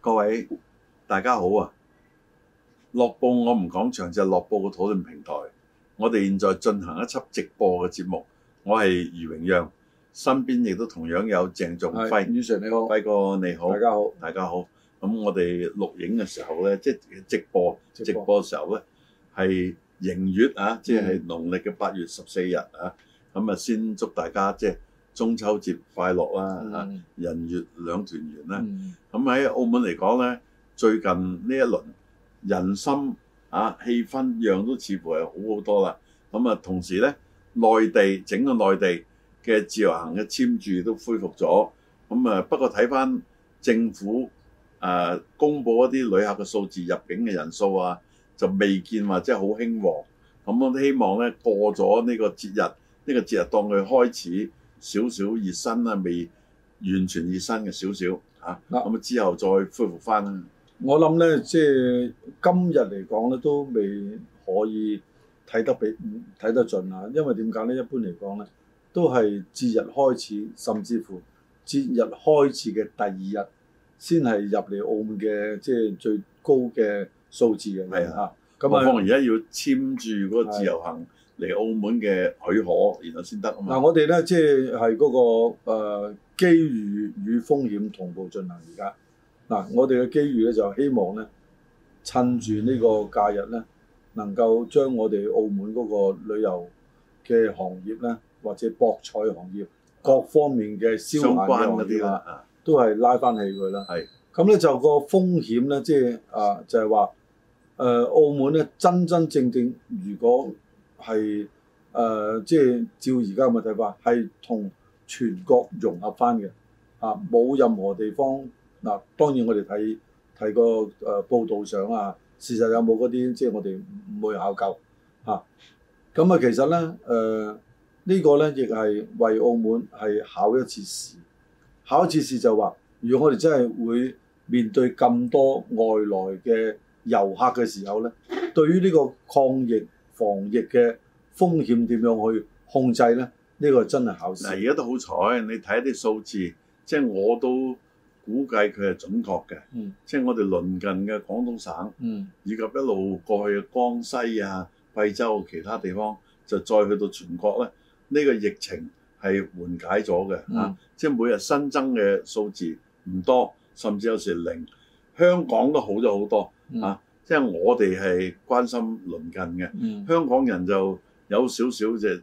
各位大家好啊！樂報我們講場，就樂報嘅討論平台。我哋現在進行一輯直播嘅節目。我係余榮陽，身邊亦都同樣有鄭仲輝。輝哥你好，大家好，袁 Sir 你好，大家好。咁我哋錄影嘅時候呢，即係直播直播嘅時候呢，係迎月啊，即係農曆嘅八月十四日啊。嗯咁啊，先祝大家即係中秋節快樂啦！嚇、mm，hmm. 人月兩團圓啦！咁喺、mm hmm. 嗯、澳門嚟講呢，最近呢一輪人心啊氣氛樣都似乎係好好多啦。咁、嗯、啊，同時呢，內地整個內地嘅自由行嘅簽注都恢復咗。咁、嗯、啊，不過睇翻政府啊公佈一啲旅客嘅數字入境嘅人數啊，就未見話即係好興旺。咁我都希望呢，過咗呢個節日。呢個節日當佢開始少少熱身啦，未完全熱身嘅少少嚇，咁啊，啊之後再恢復翻啦。我諗咧，即係今日嚟講咧，都未可以睇得比睇得盡啦。因為點解咧？一般嚟講咧，都係節日開始，甚至乎節日開始嘅第二日，先係入嚟澳門嘅即係最高嘅數字嘅嚇。咁啊，我而家要簽住嗰個自由行。嚟澳門嘅許可，然後先得啊嘛！嗱，我哋咧即係係嗰個誒機遇與風險同步進行。而家嗱，我哋嘅機遇咧就希望咧，趁住呢個假日咧，能夠將我哋澳門嗰個旅遊嘅行業咧，或者博彩行業各方面嘅相關嗰啲啦，都係拉翻起佢啦。係咁咧，就個風險咧，即係啊，就係話誒澳門咧，真真正正，正，正如果正.係誒，即係、呃就是、照而家咁嘅睇法，係同全國融合翻嘅嚇，冇、啊、任何地方嗱、啊。當然我哋睇睇個誒報道上啊，事實有冇嗰啲即係我哋唔會考究嚇。咁啊，啊，其實咧誒，呃這個、呢個咧亦係為澳門係考一次試，考一次試就話，如果我哋真係會面對咁多外來嘅遊客嘅時候咧，對於呢個抗疫。防疫嘅風險點樣去控制呢？呢個真係考試。而家都好彩，你睇啲數字，即係我都估計佢係準確嘅。嗯，即係我哋鄰近嘅廣東省，嗯，以及一路過去嘅江西啊、貴州其他地方，就再去到全國呢。呢個疫情係緩解咗嘅。嗯，啊，即係每日新增嘅數字唔多，甚至有時零。香港都好咗好多。啊。嗯即係我哋係關心鄰近嘅，嗯、香港人就有少少即係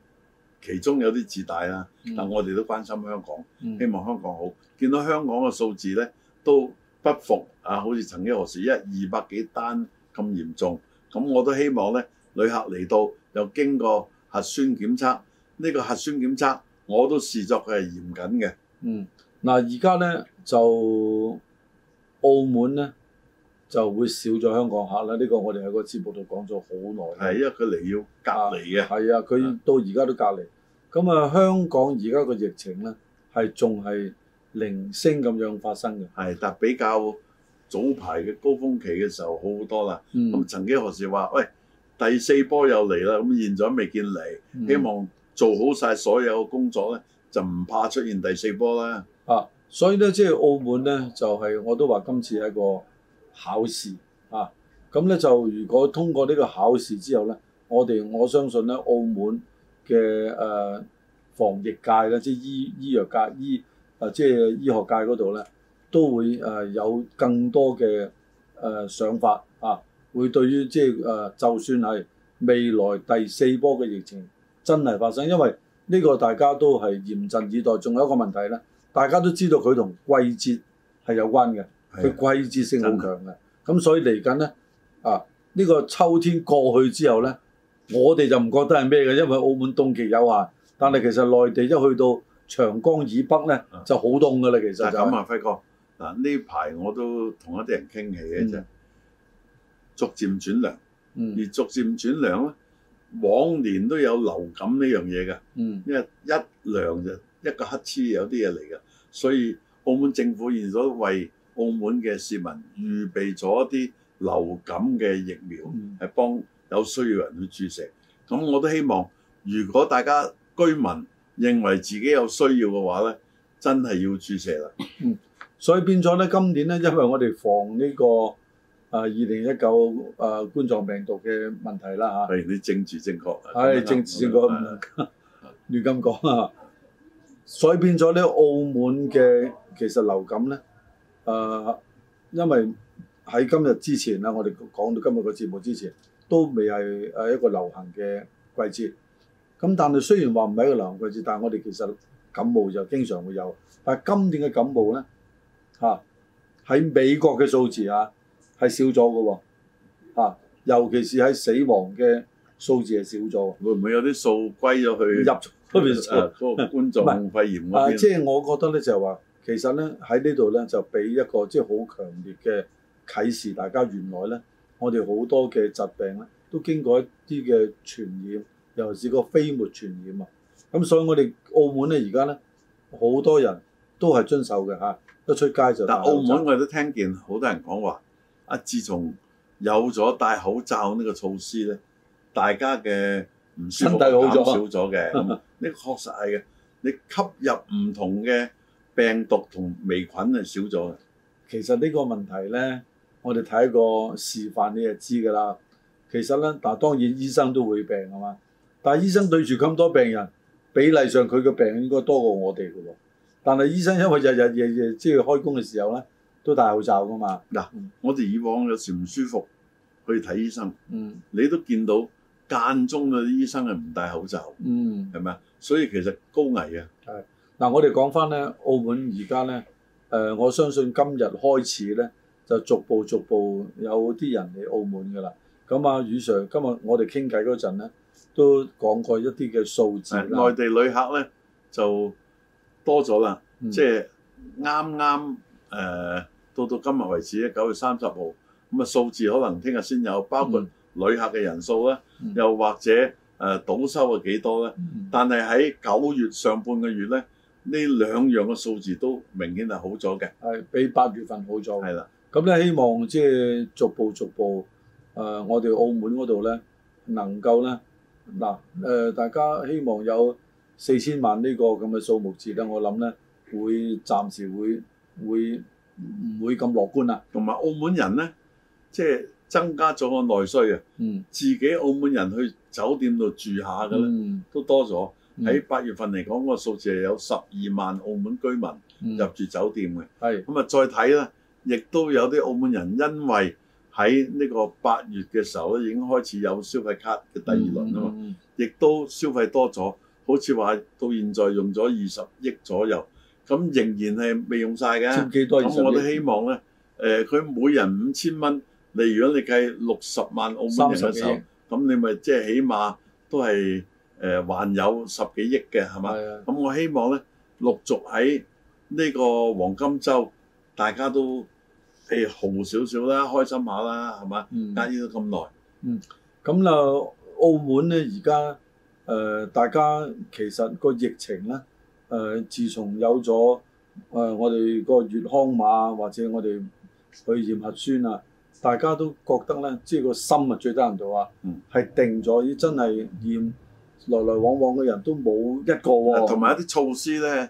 其中有啲自大啦。嗯、但我哋都關心香港，嗯、希望香港好。見到香港嘅數字咧都不服啊！好似曾幾何時一二百幾單咁嚴重？咁我都希望咧旅客嚟到又經過核酸檢測。呢、呢個核酸檢測我都視作佢係嚴謹嘅。嗯，嗱而家咧就澳門咧。就會少咗香港客啦。呢、這個我哋喺個節目度講咗好耐。係、啊，因為佢嚟要隔離嘅。係啊，佢、啊、到而家都隔離。咁啊，香港而家個疫情咧係仲係零星咁樣發生嘅。係，但比較早排嘅高峰期嘅時候好好多啦。嗯。咁曾經何時話喂第四波又嚟啦？咁現在未見嚟，希望做好晒所有嘅工作咧，就唔怕出現第四波啦、嗯。啊，所以咧即係澳門咧就係、是、我都話今次係一個。考試啊，咁咧就如果通過呢個考試之後咧，我哋我相信咧澳門嘅誒、呃、防疫界咧，即係醫醫藥界、醫誒、啊、即係醫學界嗰度咧，都會誒、呃、有更多嘅誒、呃、想法啊，會對於即係誒、呃、就算係未來第四波嘅疫情真係發生，因為呢個大家都係嚴陣以待。仲有一個問題咧，大家都知道佢同季節係有關嘅。佢季節性好強嘅，咁所以嚟緊咧啊，呢、呢個秋天過去之後咧，我哋就唔覺得係咩嘅，因為澳門冬季有限。但係其實內地一去到長江以北咧、啊、就好凍㗎啦，其實就咁、是、啊，輝哥嗱呢排我都同一啲人傾起嘅啫，嗯、逐漸轉涼，嗯、而逐漸轉涼咧，往年都有流感呢樣嘢㗎，嗯嗯、因為一涼就一個黑黐有啲嘢嚟㗎，所以澳門政府現在為。澳門嘅市民預備咗一啲流感嘅疫苗，係幫有需要人去注射。咁我都希望，如果大家居民認為自己有需要嘅話咧，真係要注射啦、嗯。所以變咗咧，今年咧，因為我哋防呢、呢個啊二零一九啊冠狀病毒嘅問題啦嚇。係、啊嗯、你政治正確。唉是，政治正確，亂咁講啊！所以變咗呢，澳門嘅其實流感咧。誒、啊，因為喺今日之前啦，我哋講到今日個節目之前，都未係誒一個流行嘅季節。咁但係雖然話唔係一個流行季節，但係我哋其實感冒就經常會有。但係今年嘅感冒咧，嚇、啊、喺美國嘅數字啊，係少咗㗎喎。尤其是喺死亡嘅數字係少咗。會唔會有啲數歸咗去入嗰邊入入啊？個冠狀肺炎 啊，即、就、係、是、我覺得咧，就係、是、話。其實咧喺呢度咧就俾一個即係好強烈嘅啟示，大家原來咧我哋好多嘅疾病咧都經過一啲嘅傳染，尤其是個飛沫傳染啊。咁所以我哋澳門咧而家咧好多人都係遵守嘅吓，一出街就。但澳門我哋都聽見好多人講話，啊，自從有咗戴口罩呢個措施咧，大家嘅唔舒服減少咗嘅。呢個確 實係嘅，你吸入唔同嘅。病毒同微菌係少咗嘅。其實呢個問題呢，我哋睇個示範你就知㗎啦。其實呢，但係當然醫生都會病吖嘛。但係醫生對住咁多病人，比例上佢嘅病應該多過我哋㗎喎。但係醫生因為日日日日即係開工嘅時候呢，都戴口罩㗎嘛。嗱、嗯，我哋以往有時唔舒服去睇醫生，嗯，你都見到間中嘅醫生係唔戴口罩，嗯，係咪啊？所以其實高危啊，嗱、啊，我哋講翻咧，澳門而家咧，誒、呃，我相信今日開始咧，就逐步逐步有啲人嚟澳門噶啦。咁啊，余 Sir，今日我哋傾偈嗰陣咧，都講過一啲嘅數字啦。內地旅客咧就多咗啦，即係啱啱誒到到今日為止咧，九月三十號，咁啊數字可能聽日先有，包括旅客嘅人數咧，嗯嗯、又或者誒賭、呃、收係幾多咧？嗯、但係喺九月上半個月咧。呢兩樣嘅數字都明顯係好咗嘅，係比八月份好咗。係啦的，咁咧希望即係逐步逐步，誒、呃，我哋澳門嗰度咧能夠咧嗱誒，大家希望有四千萬呢個咁嘅數目字。咧，我諗咧會暫時會會唔會咁樂觀啦。同埋澳門人咧，即、就、係、是、增加咗個內需啊，嗯，自己澳門人去酒店度住下嘅咧、嗯、都多咗。喺八月份嚟講，個數字係有十二萬澳門居民入住酒店嘅。係咁啊，再睇啦，亦都有啲澳門人因為喺呢個八月嘅時候咧，已經開始有消費卡嘅第二輪啊嘛，亦都消費多咗，好似話到現在用咗二十億左右，咁仍然係未用曬嘅。仲幾多億？咁我都希望咧，誒，佢每人五千蚊，你如果你計六十萬澳門人嘅時候，咁你咪即係起碼都係。誒、呃、還有十幾億嘅係嘛？咁的、嗯、我希望咧，陸續喺呢個黃金週，大家都誒豪、欸、少少啦，開心下啦，係嘛？壓抑咗咁耐，咁啦、嗯嗯，澳門咧而家誒，大家其實個疫情咧誒、呃，自從有咗誒、呃、我哋個粵康碼或者我哋去驗核酸啊，大家都覺得咧，即、就、係、是、個心啊最得人道啊，係、嗯、定咗，真係驗。來來往往嘅人都冇一個喎、哦，同埋一啲措施咧，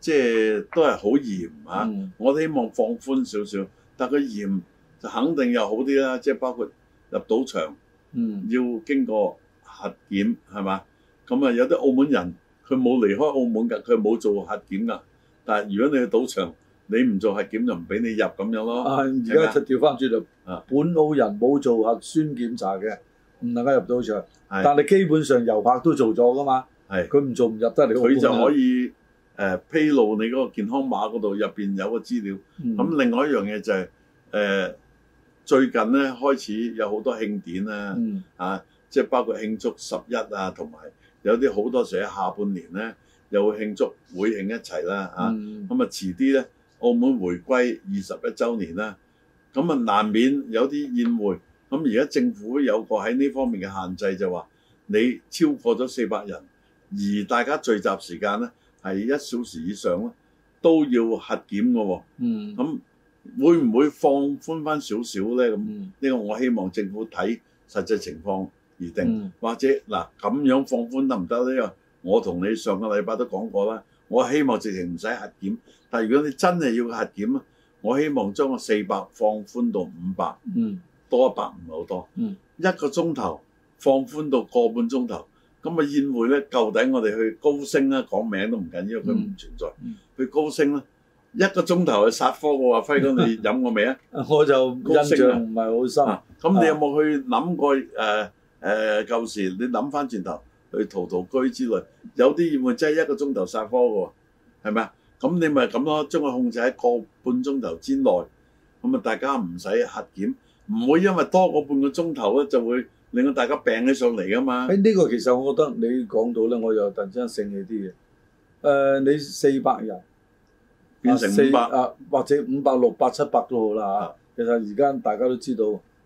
即係都係好嚴嚇。嗯、我都希望放寬少少，但係佢嚴就肯定又好啲啦、啊。即係包括入賭場，嗯，要經過核檢係嘛？咁啊，有啲澳門人佢冇離開澳門㗎，佢冇做核檢㗎。但係如果你去賭場，你唔做核檢就唔俾你入咁樣咯。而家、啊、就調翻轉頭，啊、本澳人冇做核酸檢查嘅。唔能夠入到場，是的 但係你基本上郵拍都做咗噶嘛。係佢唔做唔入得嚟。佢就可以誒披露你嗰個健康碼嗰度入邊有個資料。咁、嗯、另外一樣嘢就係、是、誒、呃、最近咧開始有好多慶典啦、啊，嗯、啊，即係包括慶祝十一啊，同埋有啲好多時喺下半年咧又會慶祝會慶一齊啦、啊，啊，咁啊、嗯、遲啲咧澳門回歸二十一週年啦、啊，咁啊，難免有啲宴會。咁而家政府有個喺呢方面嘅限制就話，你超過咗四百人，而大家聚集時間咧係一小時以上咧，都要核檢嘅喎、哦。嗯，咁會唔會放寬返少少咧？咁呢個我希望政府睇實際情況而定，嗯、或者嗱咁樣放寬得唔得咧？我同你上個禮拜都講過啦，我希望直情唔使核檢，但係如果你真係要核檢咧，我希望將個四百放寬到五百。嗯。多一百唔係好多，一個鐘頭放寬到個半鐘頭。咁啊宴會咧，舊底我哋去高升啦，講名都唔緊要，因為佢唔存在去高升啦。一個鐘頭去殺科，我話輝哥，你飲過未啊？我就印象唔係好深。咁你有冇去諗過？誒誒，舊時你諗翻轉頭去陶陶居之類，有啲宴會真係一個鐘頭殺科嘅喎，係咪啊？咁你咪咁咯，將佢控制喺個半鐘頭之內，咁啊大家唔使核檢。唔會因為多個半個鐘頭咧，就會令到大家病起上嚟㗎嘛？誒，呢個其實我覺得你講到咧，我又突然之間醒起啲嘢。誒、呃，你四百人變成四百啊，啊，或者五百六百七百都好啦嚇。是其實而家大家都知道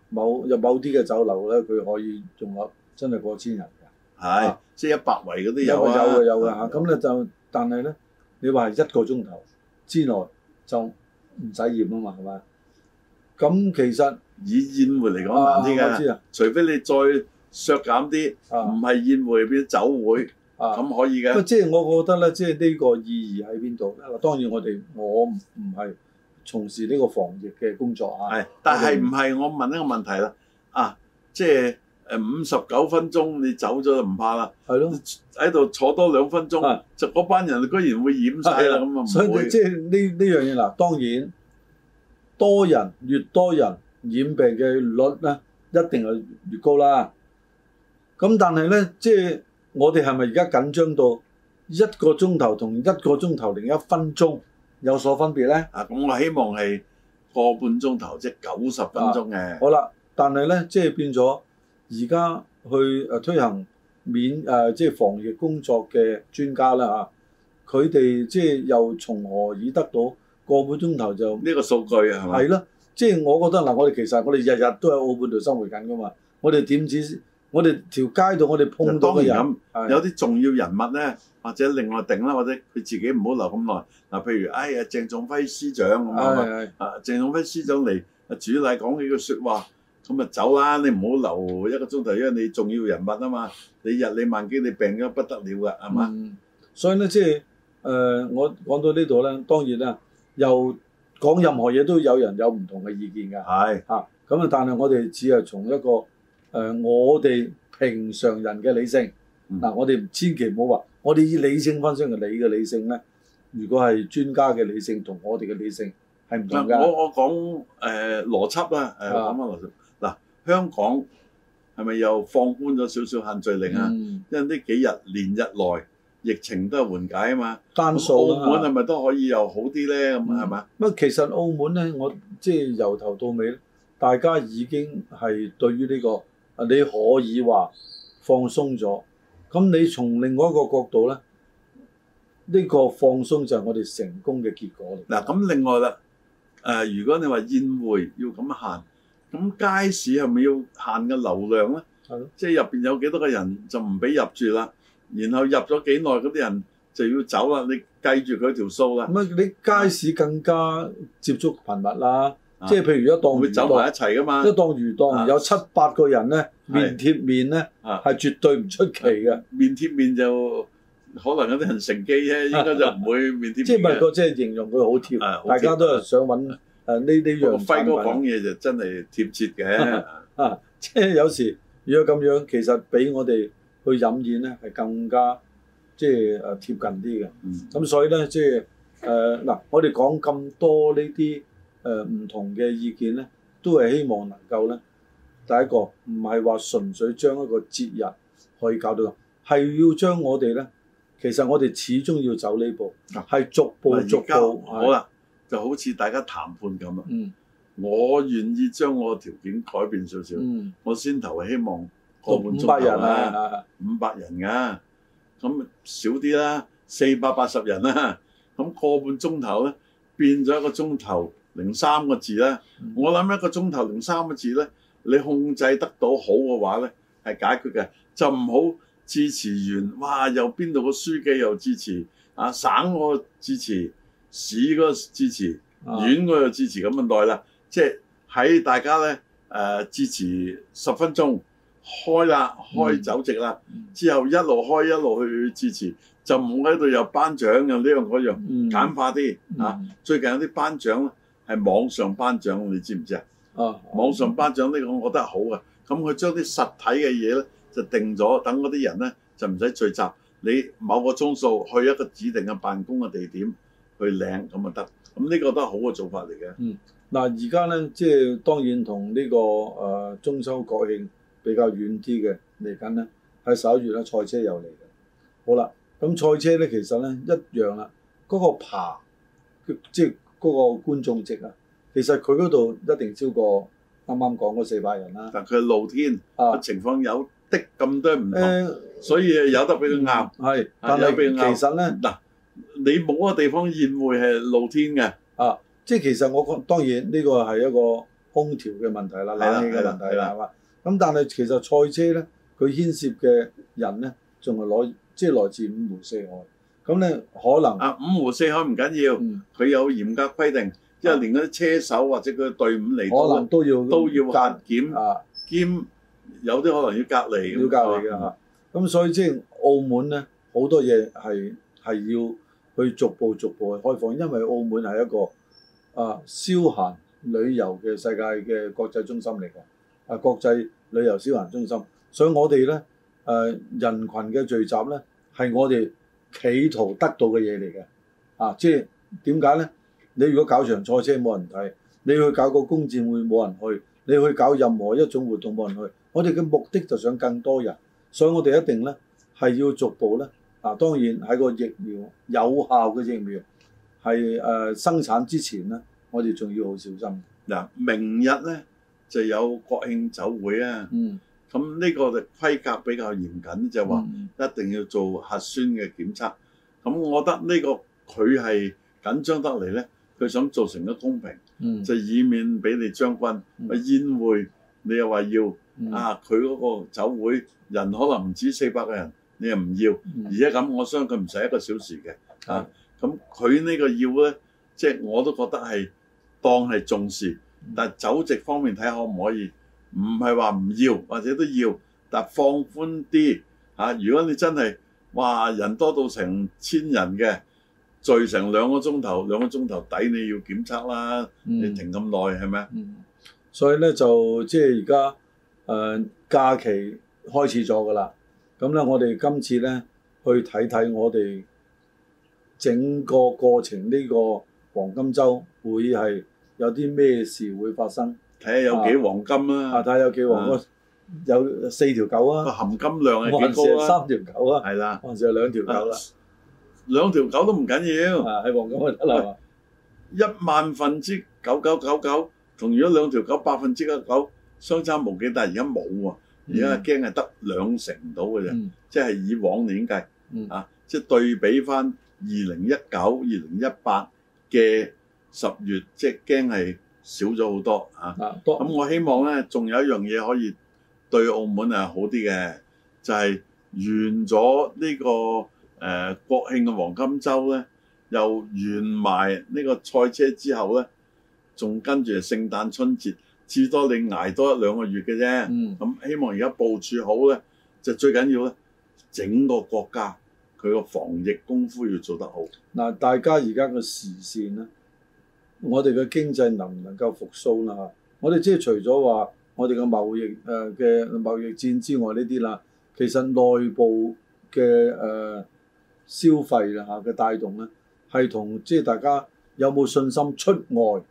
某，某有某啲嘅酒樓咧，佢可以仲有真係過千人㗎。係是，啊、即係一百圍嗰啲有有啊有㗎嚇。咁咧是就，但係咧，你話係一個鐘頭之內就唔使驗啊嘛，係嘛？咁其實。以宴會嚟講難啲㗎，除非你再削減啲，唔係宴會變酒會，咁可以嘅？即係我覺得咧，即係呢個意義喺邊度咧？當然我哋我唔係從事呢個防疫嘅工作啊。係，但係唔係我問一個問題啦。啊，即係誒五十九分鐘你走咗就唔怕啦。係咯，喺度坐多兩分鐘，就嗰班人居然會染晒啦咁，所以即係呢呢樣嘢嗱，當然多人越多人，染病嘅率咧，一定係越高啦。咁但係咧，即係我哋係咪而家緊張到一個鐘頭同一個鐘頭零一分鐘有所分別咧？啊，咁我希望係個半鐘頭，即係九十分鐘嘅。好啦，但係咧，即係變咗而家去誒推行免誒即係防疫工作嘅專家啦嚇，佢哋即係又從何以得到個半鐘頭就呢個數據啊？係嘛？係咯。即係我覺得嗱，我哋其實我哋日日都喺澳門度生活緊噶嘛。我哋點止？我哋條街度我哋碰到嘅人，的有啲重要人物咧，或者另外定啦，或者佢自己唔好留咁耐。嗱，譬如哎呀，鄭仲輝司長咁的啊啊鄭仲輝司長嚟啊主禮講幾句說話，咁啊走啦，你唔好留一個鐘頭，因為你重要人物啊嘛。你日理萬機，你病咗不得了噶，係嘛、嗯？所以咧，即係誒、呃，我講到呢度咧，當然啦，又。講任何嘢都有人有唔同嘅意見㗎，係嚇咁啊！但係我哋只係從一個誒、呃、我哋平常人嘅理性嗱、嗯啊，我哋千祈唔好話，我哋以理性分析嘅你嘅理性咧，如果係專家嘅理性同我哋嘅理性係唔同嘅、嗯。我我講誒、呃、邏輯啦，誒講翻邏輯嗱，香港係咪又放寬咗少少限聚令啊？嗯、因為呢幾日連日來。疫情都係緩解啊嘛，單數啊嘛，澳門係咪都可以又好啲咧？咁係嘛？乜其實澳門咧，我即係由頭到尾咧，大家已經係對於呢個啊，你可以話放鬆咗。咁你從另外一個角度咧，呢個放鬆就係我哋成功嘅結果。嗱咁另外啦，誒，如果你話宴會要咁行，咁街市係咪要限嘅流量咧？係咯，即係入邊有幾多個人就唔俾入住啦。然後入咗幾耐，咁啲人就要走啦。你計住佢條數啦。咁啊，你街市更加接觸頻密啦。即係譬如一檔，佢走埋一齊噶嘛。當魚檔有七八個人咧，面貼面咧，係絕對唔出奇嘅。面貼面就可能有啲人乘機啫，應該就唔會面貼面。即係咪個即係形容佢好貼？大家都係想搵誒呢啲樣。輝哥講嘢就真係貼切嘅。啊，即係有時如果咁樣，其實俾我哋。去飲宴咧係更加即係誒貼近啲嘅，咁、嗯、所以咧即係誒嗱，我哋講咁多呢啲誒唔同嘅意見咧，都係希望能夠咧，第一個唔係話純粹將一個節日可以搞到咁，係要將我哋咧，其實我哋始終要走呢步，係、啊、逐步逐步嗱係好啦，就好似大家談判咁啊，嗯，我願意將我嘅條件改變少少，嗯，我先頭希望。個半鐘頭啊，五百人㗎、啊，咁少啲啦，四百八十人啦、啊，咁個半鐘頭咧變咗一個鐘頭零三個字啦、啊。嗯、我諗一個鐘頭零三個字咧、啊，你控制得到好嘅話咧，係解決嘅。嗯、就唔好支持完，哇！又邊度個書記又支持啊？省個支持，市個支持，縣個又支持咁咁耐啦。即係喺大家咧誒、呃、支持十分鐘。開啦，開酒席啦，之後一路開一路去支持，就唔喺度有頒獎嘅呢樣嗰樣，簡化啲啊！最近有啲頒獎係網上頒獎，你知唔知啊？啊，網上頒獎呢個我覺得係好嘅，咁佢將啲實體嘅嘢咧就定咗，等嗰啲人咧就唔使聚集，你某個鐘數去一個指定嘅辦公嘅地點去領咁啊得，咁呢個都係好嘅做法嚟嘅。嗯，嗱而家咧即係當然同呢個誒中秋國慶。比較遠啲嘅嚟緊咧，喺十一月啦，賽車又嚟嘅，好啦，咁賽車咧，其實咧一樣啦，嗰、嗰個爬，即係嗰個觀眾席啊，其實佢嗰度一定超過啱啱講嗰四百人啦，啊。但佢係露天，啊，情況有的咁多唔同，啊、所以有得俾佢啱，係、嗯，有俾佢但係、啊、其實咧，嗱，你冇個地方宴會係露天嘅，啊，即係其實我覺當然呢個係一個空調嘅問題啦，冷氣嘅問題係嘛？的咁但係其實賽車咧，佢牽涉嘅人咧，仲係來即係來自五湖四海。咁咧可能啊五湖四海唔緊要，佢 有嚴格規定，嗯、即係連啲車手或者個隊伍嚟都、啊、可能都要都要核檢，啊、兼有啲可能要隔離，要隔離㗎。咁、嗯、所以即係澳門咧，好多嘢係係要去逐步逐步去開放，因為澳門係一個啊消閒旅遊嘅世界嘅國際中心嚟㗎。啊！國際旅遊消閒中心，所以我哋咧誒人群嘅聚集咧，係我哋企圖得到嘅嘢嚟嘅，啊，即係點解咧？你如果搞場賽車冇人睇，你去搞個工展會冇人去，你去搞任何一種活動冇人去，我哋嘅目的就想更多人，所以我哋一定咧係要逐步咧，嗱、啊，當然喺個疫苗有效嘅疫苗係誒、呃、生產之前咧，我哋仲要好小心。嗱，明日咧。就有國慶酒會啊，咁呢、嗯、個就規格比較嚴謹，就話、是、一定要做核酸嘅檢測。咁、嗯、我覺得呢、這個佢係緊張得嚟呢佢想做成一個公平，嗯、就以免俾你將軍個宴、嗯、會你又話要、嗯、啊，佢嗰個酒會人可能唔止四百個人，你又唔要，嗯、而家咁我相信唔使一個小時嘅啊。咁佢呢個要呢，即、就、係、是、我都覺得係當係重視。但酒席方面睇下可唔可以？唔係話唔要或者都要，但放寬啲吓。如果你真係哇人多到成千人嘅聚成兩個鐘頭，兩個鐘頭底，你要檢測啦。嗯、你停咁耐係咪？所以咧就即係而家誒假期開始咗噶啦。咁咧我哋今次咧去睇睇我哋整個過程呢個黃金週會係。有啲咩事會發生？睇下有幾黃金啊！啊，睇下有幾黃金，有四條狗啊！含金量係幾高啊？還是三條狗啊？係啦，還是兩條狗啦？兩條狗都唔緊要，係黃金就得啦。一萬分之九九九九，同如果兩條狗百分之九九，相差無幾。但係而家冇喎，而家驚係得兩成到嘅啫，即係以往年計啊，即係對比翻二零一九、二零一八嘅。十月即係驚係少咗好多啊！咁、啊、我希望咧，仲有一樣嘢可以對澳門啊好啲嘅，就係、是、完咗呢、這個誒、呃、國慶嘅黃金周咧，又完埋呢個賽車之後咧，仲跟住係聖誕春節，至多你捱多一兩個月嘅啫。咁、嗯啊、希望而家部署好咧，就最緊要咧，整個國家佢個防疫功夫要做得好。嗱、嗯，大家而家嘅視線咧。我哋嘅經濟能唔能夠復甦啦？我哋即係除咗話我哋嘅貿易誒嘅、呃、貿易戰之外呢啲啦，其實內部嘅誒、呃、消費啊嘅帶動咧，係同即係大家有冇信心出外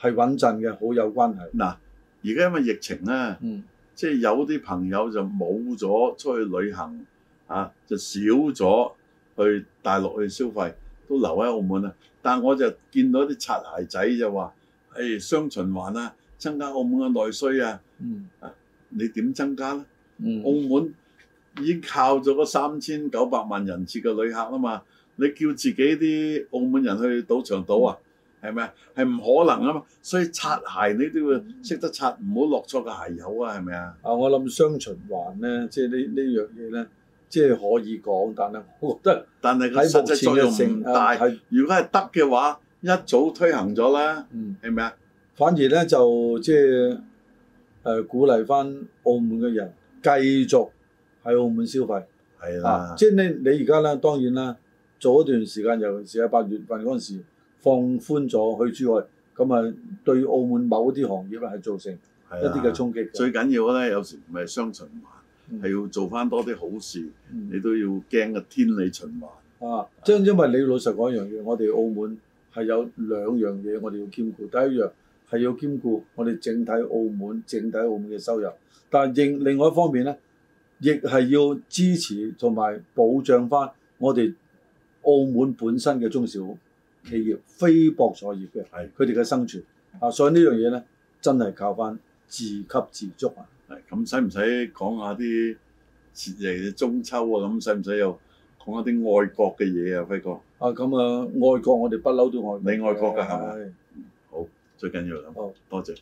係穩陣嘅好有關係。嗱，而家因為疫情咧、啊，嗯、即係有啲朋友就冇咗出去旅行啊，就少咗去大陸去消費，都留喺澳門啊！但係我就見到啲擦鞋仔就話：誒雙循環啊，增加澳門嘅內需啊。嗯啊，你點增加咧？嗯，澳門已經靠咗嗰三千九百萬人次嘅旅客啦嘛。你叫自己啲澳門人去賭場賭啊，係咪啊？係唔可能啊嘛。所以擦鞋你都要識得擦，唔好落錯個鞋油啊，係咪啊？啊，我諗雙循環咧，即係呢呢樣嘢咧。即係可以講，但係覺得，但係個實質作用性，唔大。如果係得嘅話，一早推行咗啦，係咪啊？反而咧就即係誒、呃、鼓勵翻澳門嘅人繼續喺澳門消費。係啦的、啊，即係你你而家咧，當然啦，早一段時間尤其是喺八月份月嗰時放寬咗去珠海，咁啊對澳門某啲行業係造成一啲嘅衝擊。最緊要咧，有時唔係雙循環係要做翻多啲好事，嗯、你都要驚嘅天理循環啊！即、就、係、是、因為你老實講一樣嘢，我哋澳門係有兩樣嘢我哋要兼顧。第一樣係要兼顧我哋整體澳門整體澳門嘅收入，但係另另外一方面呢，亦係要支持同埋保障翻我哋澳門本身嘅中小企業、非博彩業嘅，佢哋嘅生存啊！所以呢樣嘢呢，真係靠翻自給自足啊！係咁，使唔使講下啲節日嘅中秋啊？咁使唔使又講下啲愛國嘅嘢啊？輝哥，啊咁啊，愛國我哋不嬲都愛國，你愛國㗎係咪？吧是好，最緊要咁。哦好，多謝。